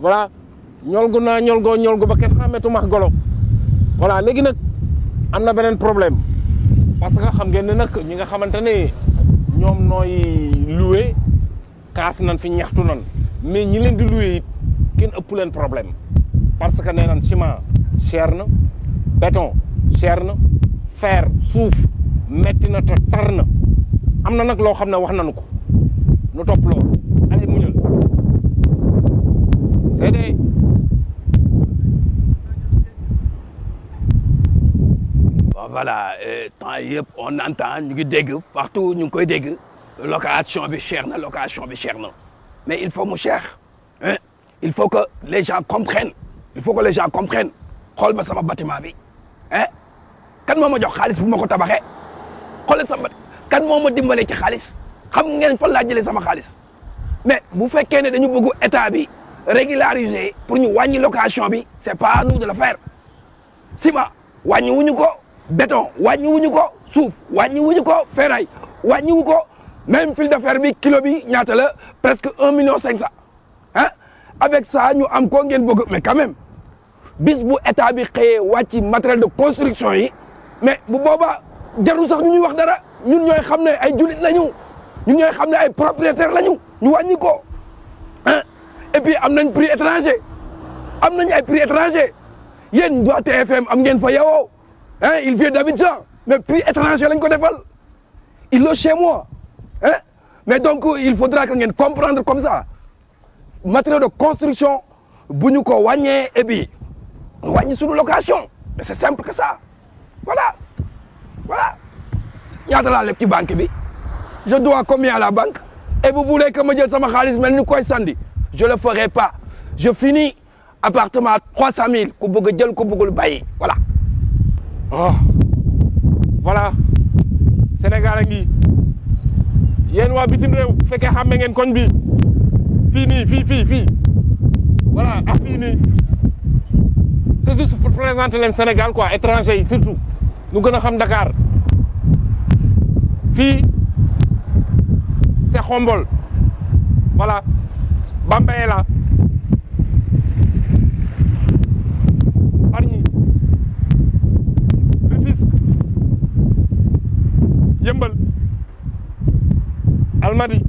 voilà ñolgu naa ñolgoo ñolgu ba kenn xàmmeetu max golo voilà léegi nag am na beneen problème parce que xam ngeen ne nag ñi nga xamante ne ñoom nooy loué kaas nan fi ñaxtu nan mais ñi leen di loué it kenn ëpp leen problème parce que nee nan ciment cher na béton cher na fer suuf metti na te na am na nag loo xam ne wax nanu ko nu topp loolu Sede bon voilà euh, temps yëpp on entend ñu ngi dégg partout ñu ngi koy dégg location bi cher na location bi cher na mais il faut mu cher hein il faut que les gens comprennent il faut que les gens comprennent xool ma sama bâtiment bi hein kan moo ma jox xaalis bu ma ko tabaxee xoolal sama kan moo ma dimbalee ci xaalis xam ngeen fan laa jëlee sama xaalis mais bu fekkee dañu bëgg état bi. régulariser pour ñu wàññi location bi c'est pas à nous de le faire ciment wàññi wuñu ko béton wàññi wuñu ko suuf wàññi wuñu ko ferraille wàññi wu ko même fil de fer bi kilo bi ñaata la presque un million cinq cent ah avec ça ñu am ko ngeen bogg mais quand même bis bu état bi xëyee wàcci matériel de construction yi mais bu boobaa jarul sax ñu ñuy wax dara ñun ñooy xam ne ay juli julit lañu ñun ñooy xam ne ay la lañu ñu wàññi ko et puis am nañ prix étranger am nañ ay prix étranger yéen waa TFM am ngeen fa yowoo ah il vient d'Abidjan mais prix étranger lañ ko defal il loge chez moi hein mais donc il faudra que ngeen comprendre comme sa matériaux de construction bu ñu ko wàññee et puis wàññi suñu location mais c'est simple que ça voilà voilà ñaata laa leb ci banque bi je dois combien à la banque et vous voulez que ma jël sama xaalis mel ni koy sandi je le ferai pas je finis appartement trois cent mille ku bëgg a jël ku bëggul bàyyi voilà oh voilà Sénégal a ngi yéen waa bitim réew bu fekkee xàmme ngeen koñ bi fii nii fii fii fii voilà ak ah, fii nii c'est juste pour présenter Sénégal quoi étranger yi surtout ñu gën a xam Dakar fii c'est Khombole voilà Bamba est là Bargny Rufisque Yeumbeul Almadies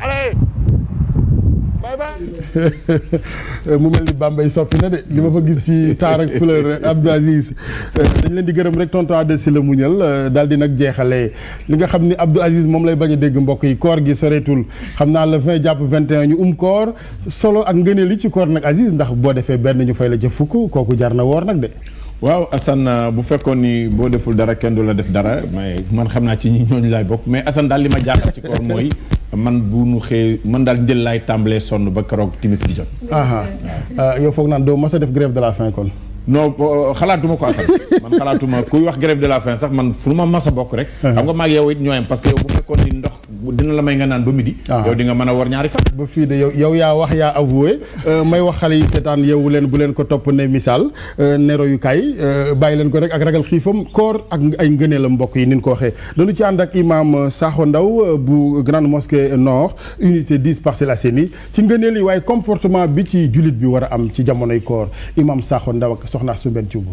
allez mu mel ni Bambey soppi na de li ma fa gis ci taar ak fleur Abdou Aziz eh, dañ leen di gërëm rek tonton Adé si la muñal eh, dal di nag jeexale li nga xam ni Abdou Aziz moom lay bañ a dégg mbokk yi koor gi soreetul xam naa le 20 jàpp 21 ñu um koor solo ak ngëneel yi ci koor nag Aziz ndax boo defee benn ñu fay la ca fukk kooku jar na woor nag de. waaw asan euh, bu fekkoon ni boo deful dara kenn du la def dara mais man xam naa ci ñi ñooñu laay bokk mais Assane li ma jaaxal ci koor mooy. man bu nu xëyee man daal njël laay tàmbalee sonn ba keroog timis di jot. Ah, yow foog naan doo mas a def grève de la faim kon. non euh, xalaatuma ko Assane man xalaatuma kuy wax grève de la faim sax man fu ma masa bokk rek uh-huh. xam nga maag yow it ñooyam parce que yow bu fekkoon ni ndox dina la may nga naan ba midi ah. yow di nga mën a war ñaari fan ba fii de yow yaa wax yaa avoué euh, may wax xale yi seetaan yeewu leen bu leen ko topp ne misaal euh, nero yu kaay bàyyi leen ko rek ak ragal xiifam koor ak ay ngëneelam mbokk yi nin ko waxee danu ci ànd ak imam Sakho Ndaw bu Grande Mosquée Nord unité 10 Parcelles Assainies ci ngëneel yi waaye comportement bi ci jullit bi war a am ci jamonoy koor imam Sakho Ndaw soxna su benn cuubu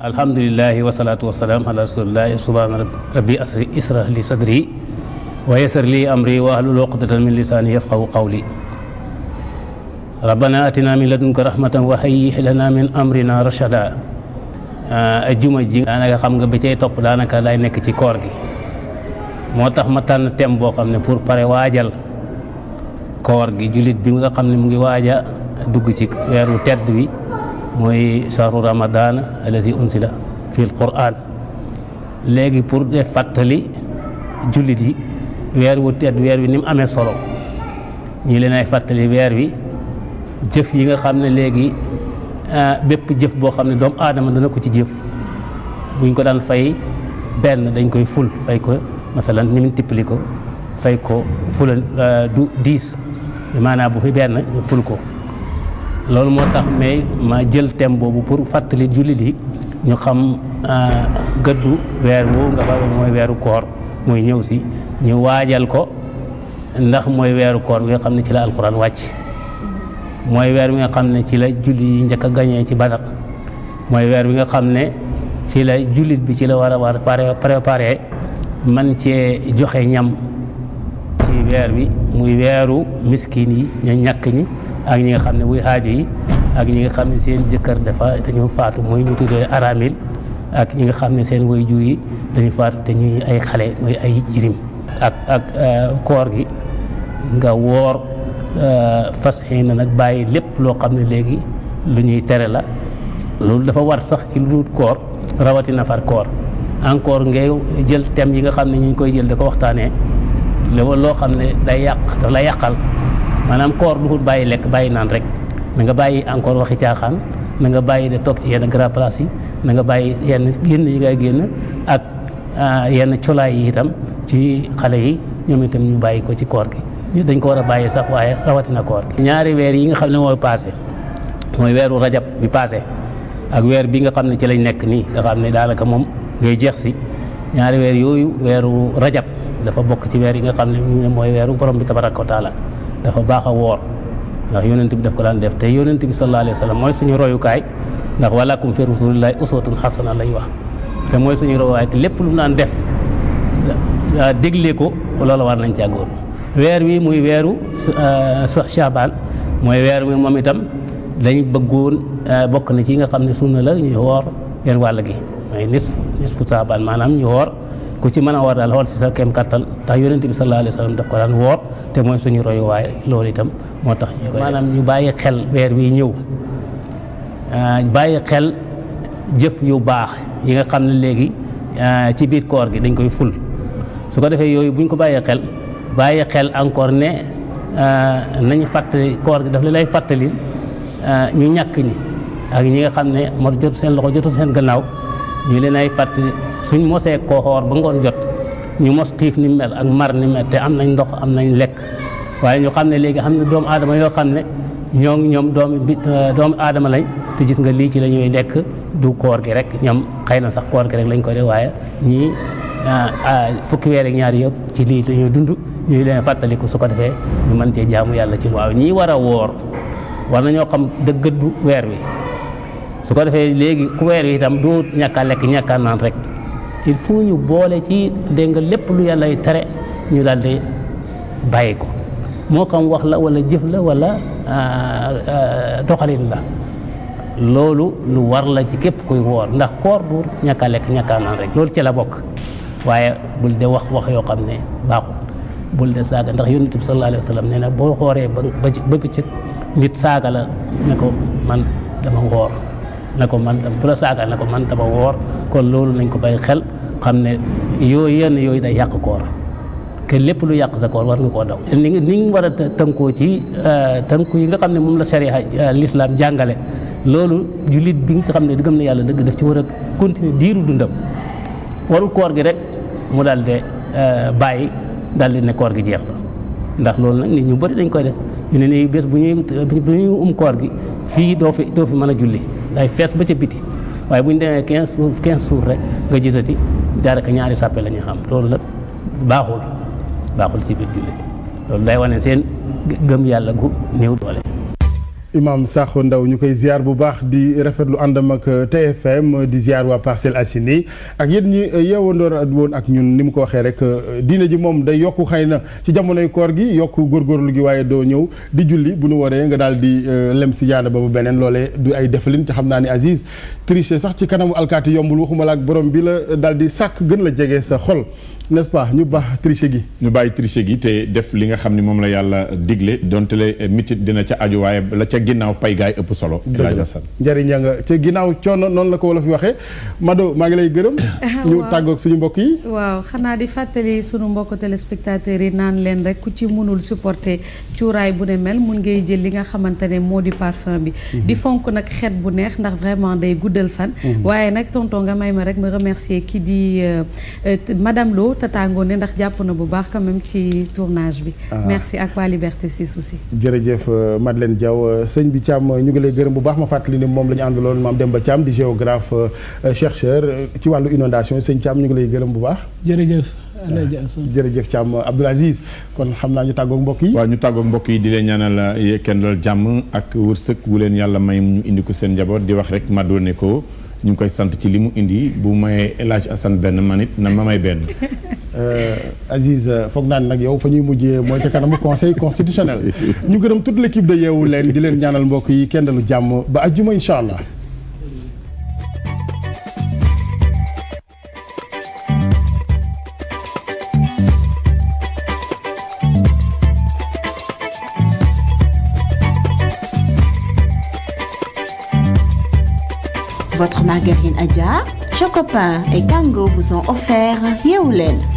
alhamdulilahi ala rasulillahi subhaana rabbi asri li sadri wa yassir li amri wa ahlul uqdatan min lisaani yafqahu qawli rabbana atina min ladunka rahmatan wa hayyi lana min amrina rashada ajuma ji daanaka xam nga ba cay topp daanaka lay nekk ci koor gi moo tax ma tànn thème boo xam ne pour pare waajal koor gi jullit bi nga xam ne mu ngi waaja dugg ci weeru tedd wi mooy saaru ramadaan allazi unsila fil quraan léegi pour de fàttali jullit yi weer wu teet weer wi ni mu amee solo ñi leen ay fàttali weer wi jëf yi nga xam ne léegi ah, bépp jëf boo xam ne doomu aadama dana ko ci jëf buñ ko daan fay benn dañ koy ful fay ko masalan ni mu tippali ko fay ko fula ah, du diis maanaam bu fi benn ful ko loolu moo tax mais ma jël thème boobu pour fàttali jullit yi ñu xam euh, gëddu weer woowu nga xam mooy weeru koor mooy ñëw si ñu waajal ko ndax mooy weeru koor bi nga xam ne ci la alquran wàcc mooy weer bi nga xam ne ci la julli yi njëkk a gañee ci badar mooy weer bi nga xam ne ci la jullit bi ci la war a war a préparé man cee joxe ñam ci weer bi muy weeru miskin yi ñu ñàkk ñi ak ñi nga xam ne wuy xaajo yi ak ñi nga xam ne seen jëkkër dafa te dañoo faatu mooy ñu tuddee aramil ak ñi nga xam ne seen way jur yi dañu faatu te ñuy ay xale mooy ay jirim ak ak euh, koor gi nga woor euh, fas xëy na nag bàyyi lépp loo xam ne léegi lu ñuy tere la loolu dafa war sax ci lu dul koor rawatina far koor encore ngay jël thème yi nga xam ne ñu ngi koy jël da ko waxtaanee loo xam ne day yàq daf la yàqal maanaam koor duhut bàyyi lekk bàyyi naan rek na nga bàyyi encore waxi caaxaan na nga bàyyi de toog ci yenn grand place yi na nga bàyyi yenn génn yi ngay génn ak ah, yenn colaay yi itam ci xale yi ñoom itam ñu bàyyi ko ci koor gi dañ ko war a bàyyi sax waaye rawatina koor ñaari weer yi nga xam ne mooy passé mooy weeru rajab bi passé ak weer bi nga xam ne ci lañ nekk nii nga xam ne daanaka moom ngay jeex si ñaari weer yooyu weeru rajab dafa bokk ci weer yi nga xam ne mooy weeru borom bi tabaraka wa taala dafa baax a woor ndax yonent bi daf ko daan def te yonent bi sallallahu alayhi wa sallam mooy suñu royukaay ndax walakum fi rasulillahi uswatun xasana lañ wax te mooy suñu royukaay te lépp lu mu daan def déglee ko loola war nañ caa weer wi muy weeru euh, Shaaban mooy weer wi moom itam dañ bëggoon euh, bokk na ci nga xam ne sunna la ñu woor genn wàll gi mooy nisfu nisfu maanaam ñu woor ku ci mën a woor daal xool si sa kem kattan ndax yonente bi sallallahu alayhi wa sallam daf ko daan woor te mooy suñu royuwaay loolu itam moo tax ñu ñu bàyyi xel weer wi ñëw ah, bàyyi xel jëf yu baax yi nga xam ne léegi ah, ci biir koor gi dañ koy ful su ko defee yooyu buñ ko bàyyee xel bàyyi xel encore ne ah, nañu fàttali koor gi daf li lay fàttali ñu ñàkk ñi ak ñi nga xam ne moo jot seen loxo jotul seen gannaaw ñu leen ay fàttali suñ mosee koo xoor ba ngoon jot ñu mos xiif ni mel ak mar ni mel te am nañ ndox am nañ lekk waaye ñu xam ne léegi xam ne doomu aadama yoo xam ne ñoo ñoom doomu bi euh, doomu aadama lañ te gis nga lii ci lañuy ñuy lekk du koor gi rek ñoom xëy na sax koor gi rek lañ ko def waaye ñii euh, euh, fukki weer ñaar yëpp ci lii dañoo dund ñuy leen fàttaliku su ko defee mën cee jaamu yàlla ci waaw ñii war a woor war na ñoo xam dëggëddu weer wi su ko defee léegi ku weer wi itam du ñàkk lekk ñàkk a naan rek. il faut ñu boole ci dégg nga lépp lu yàlla yàllay tare ñu daal di bàyyi ko moo xam wax la wala jëf la wala euh, euh, doxalin la loolu lu war la ci képp kuy woor ndax koor du ñàkk lekk ñàkk loolu ci la bokk waaye bul de wax wax yoo xam ne baaxul bul de saaga ndax yonent bi sallallahu alayhi wa nee na boo xooree ba ba bëccëg nit saaga la ko man dama woor na ko man bu la saaga na ko man dama woor kon loolu nañ ko bàyyi xel xam ne yooyu yenn yooyu day yàq koor que lépp lu yàq sa koor war nga koo daw ni ni nga war a tënkoo ci euh, tënku yi nga xam ne moom la sariya euh, l'islam jàngale loolu jullit bi nga xam ne gëm na yàlla dëgg def ci war a continuer diiru dundam warul koor gi rek mu daal de euh, bàyyi daal di ne koor gi jeex na ndax loolu nag ni ñu bëri dañ koy def ñu ne nii bés bu ñuy bu ñuy um koor gi fii doo fi doo fi mën a julli day fees ba ca biti waaye bu ñu demee quinze jours quinze jours rek daanaka ñaari sàppe la ñu xam loolu la baaxul baaxul ci biir jullit loolu day wane seen gëm yàlla gu néew doole Imam Sakho Ndaw ñu koy ziar bu baax di rafetlu àndam ak euh, TFM di ziar waa Parcelles Assainies ak yéen ñi euh, yeewandoor woon ak ñun ni mu ko waxee rek euh, diine ji moom day yokk xëy na ci jamonoy koor gi yokku góorgóorlu gi waaye doo ñëw di julli bu nu waree nga daal di lem si jaada ba bu beneen loolee du ay defalin ci xam naa ne Aziz tricher sax ci kanamu alkaati yombul waxuma la ak borom bi la daal di sàkk gën la jege sa xol n'est-ce pas ñu baax tricher gi. ñu gi te def li nga xam ni moom la yàlla digle donte ginnaaw pay gaay ëpp solo. njëriñ la nga ca ginnaaw coono noonu la ko wolof yi waxee Mado maa ngi lay gërëm. ñu tàggoog suñu mbokk yi. waaw xanaa di fàttali suñu mbokk téléspectateurs yi naan leen rek ku ci mënul supporter cuuraay bu ne mel mun ngay jël li nga xamante ne moo di parfum bi. Mhm. di fonk nag xeet bu neex ndax vraiment day guddal fan. Mhm. waaye nag tonton nga may ma rek ma remercier ki di euh, euh, madame Lo tataangoon ne ndax jàpp na bu baax quand même ci tournage bi. Ah. merci ak waa Liberté 6 aussi. jërëjëf euh, Madeleine Diaw. sëñ bi Thiam ñu ngi lay gërëm bu baax ma fàttali ni moom la ñu àndaloon maam Demba Thiam di géographe euh, chercheur euh, ci wàllu inondation sëñ Thiam ñu ngi lay gërëm bu baax. jërëjëf. jërëjëf Thiam Abdoul Aziz kon xam naa ñu tàggoog mbokk yi. waa ñu tàggoog mbokk yi di leen euh, kenn yekkendal jàmm ak wërsëg wu leen yàlla may ñu indi ko seen njaboot di wax rek ma doone ko ñu ngi koy sant ci li mu indi bu mayee El Hadj benn man it na ma may benn. Euh, Aziz euh, foog naan nag yow fa ñuy mujjee mooy ca kanamu conseil constitutionnel ñu gërëm toute l' équipe de yeewu leen di leen ñaanal mbokk yi kenn dalu jàmm ba àjjuma incha allah. Votre margarine Adja, Chocopin et Kango vous ont offert Yeewu Leen